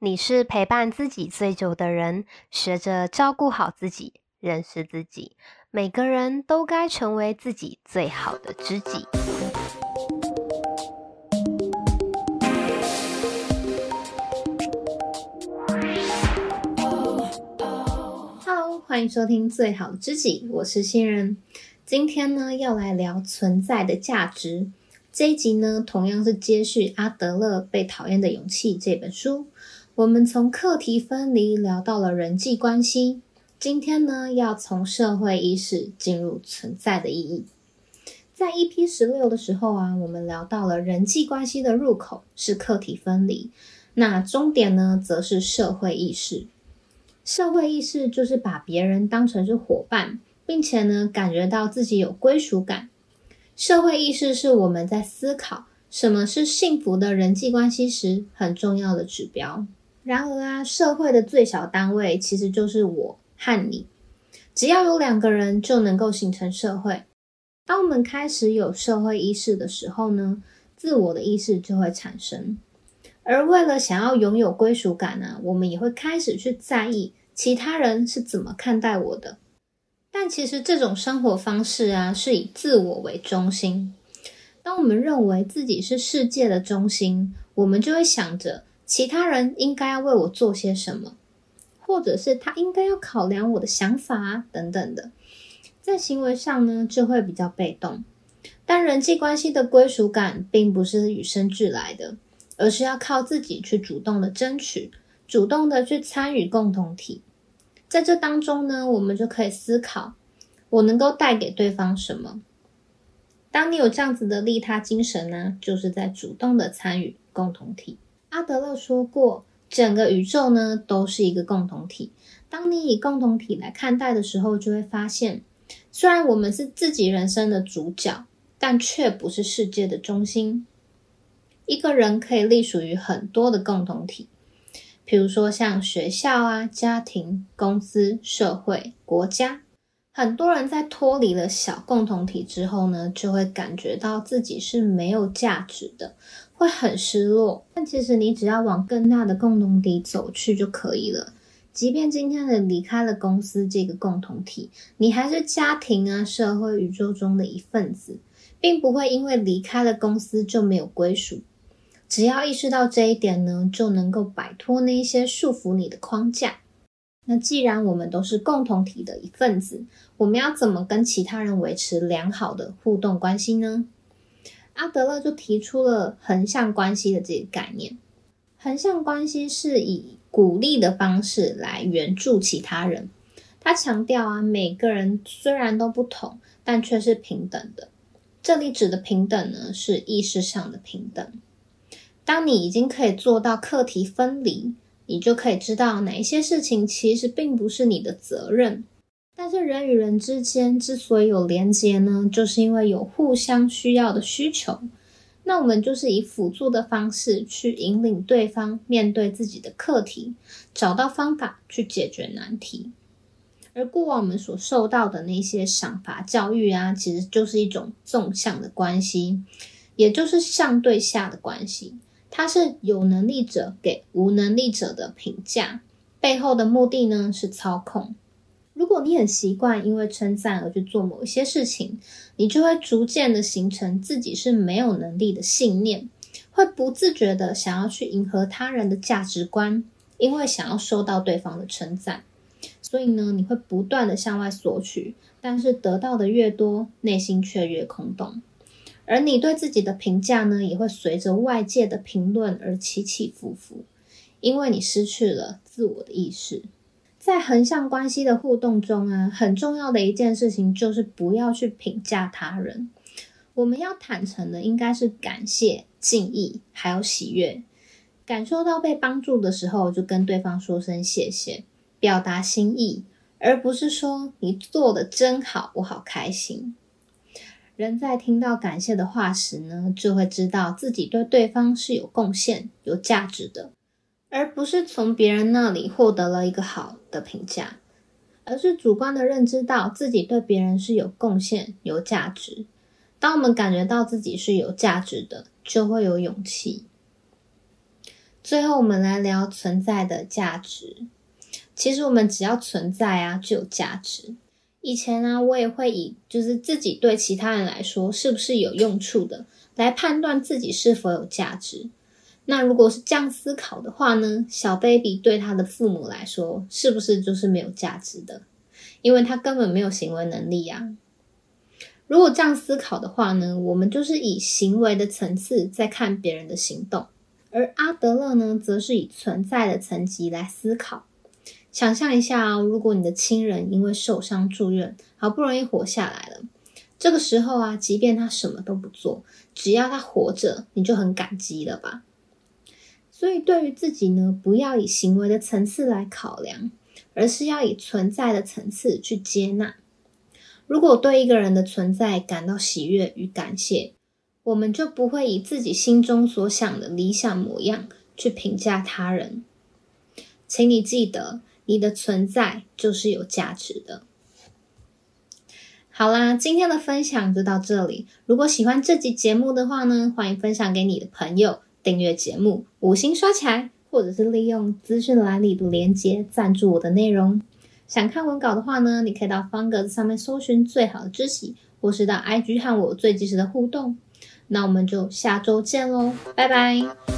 你是陪伴自己最久的人，學着照顧好自己，認識自己。每個人都該成為自己最好的知己。Hello，歡迎收聽《最好的知己》，我是新人。今天呢，要來聊存在的價值。這一集呢，同樣是接續阿德勒《被討厭的勇氣》這本書。我們從課題分離聊到了人際關係，今天呢，要從社會意識進入存在的意義。在 EP16 的時候啊，我們聊到了人際關係的入口是課題分離，那終點呢則是社會意識。社會意識就是把別人當成是夥伴，並且呢感覺到自己有歸屬感。社會意識是我們在思考什麼是幸福的人際關係時很重要的指標。然而啊，社會的最小單位其實就是我和你，只要有兩個人就能夠形成社會。當我們開始有社會意識的時候呢，自我的意識就會產生。而為了想要擁有歸屬感呢，我們也會開始去在意其他人是怎麼看待我的。但其實這種生活方式啊，是以自我為中心。當我們認為自己是世界的中心，我們就會想着。其他人應該要為我做些什麼，或者是他應該要考量我的想法啊，等等的，在行為上呢，就會比較被動。但人際關係的歸屬感並不是與生俱來的，而是要靠自己去主動的爭取，主動的去參與共同體。在這當中呢，我們就可以思考，我能夠帶給對方什麼。當你有這樣子的利他精神呢，就是在主動的參與共同體。阿德勒說過，整個宇宙呢都是一個共同體。當你以共同體來看待的時候，就會發現，雖然我們是自己人生的主角，但卻不是世界的中心。一個人可以隸屬於很多的共同體，比如說像學校啊、家庭、公司、社會、國家。很多人在脫離了小共同體之後呢，就會感覺到自己是沒有價值的。會很失落，但其實你只要往更大的共同體走去就可以了。即便今天的離開了公司這個共同體，你還是家庭啊、社會、宇宙中的一份子，並不會因為離開了公司就沒有歸屬。只要意識到這一點呢，就能夠擺脫那一些束縛你的框架。那既然我們都是共同體的一份子，我們要怎麼跟其他人維持良好的互動關係呢？阿德勒就提出了橫向關係的這個概念。橫向關係是以鼓勵的方式來援助其他人。他強調啊，每個人雖然都不同，但卻是平等的。這裡指的平等呢，是意識上的平等。當你已經可以做到課題分離，你就可以知道哪些事情其實並不是你的責任。但是人與人之間之所以有連結呢，就是因為有互相需要的需求。那我們就是以輔助的方式去引領對方面對自己的課題，找到方法去解決難題。而過往我們所受到的那些賞罰教育啊，其實就是一種縱向的關係，也就是上對下的關係。它是有能力者給無能力者的評價，背後的目的呢，是操控。如果你很習慣因為稱讚而去做某一些事情，你就會逐漸的形成自己是沒有能力的信念，會不自覺的想要去迎合他人的價值觀，因為想要受到對方的稱讚，所以呢，你會不斷的向外索取，但是得到的越多，內心卻越空洞，而你對自己的評價呢，也會隨着外界的評論而起起伏伏，因為你失去了自我的意識。在橫向關係的互動中啊，很重要的一件事情就是不要去評價他人。我們要坦誠的，應該是感謝、敬意，還有喜悅。感受到被幫助的時候，就跟對方說聲謝謝，表達心意，而不是說你做得真好，我好開心。人在聽到感謝的話時呢，就會知道自己對對方是有貢獻、有價值的，而不是從別人那裡獲得了一個好的評價，而是主觀的認知到自己對別人是有貢獻、有價值。當我們感覺到自己是有價值的，就會有勇氣。最後，我們來聊存在的價值。其實，我們只要存在啊，就有價值。以前呢、啊，我也會以就是自己對其他人來說是不是有用處的，來判斷自己是否有價值。那如果是這樣思考的話呢？小 baby 對他的父母來說是不是就是沒有價值的？因為他根本沒有行為能力啊。如果這樣思考的話呢，我們就是以行為的層次在看別人的行動，而阿德勒呢，則是以存在的層級來思考。想象一下啊、哦，如果你的親人因為受傷住院，好不容易活下來了，這個時候啊，即便他什麼都不做，只要他活着，你就很感激了吧？所以，對於自己呢，不要以行為的層次來考量，而是要以存在的層次去接納。如果對一個人的存在感到喜悅與感謝，我們就不會以自己心中所想的理想模樣去評價他人。請你記得，你的存在就是有價值的。好啦，今天的分享就到這裡。如果喜歡這集節目的話呢，歡迎分享給你的朋友。訂閱節目，五星刷起來，或者是利用資訊欄裡的連結贊助我的內容。想看文稿的話呢，你可以到方格子上面搜尋最好的知己，或是到 IG 和我最即時的互動。那我們就下週見嘍，拜拜。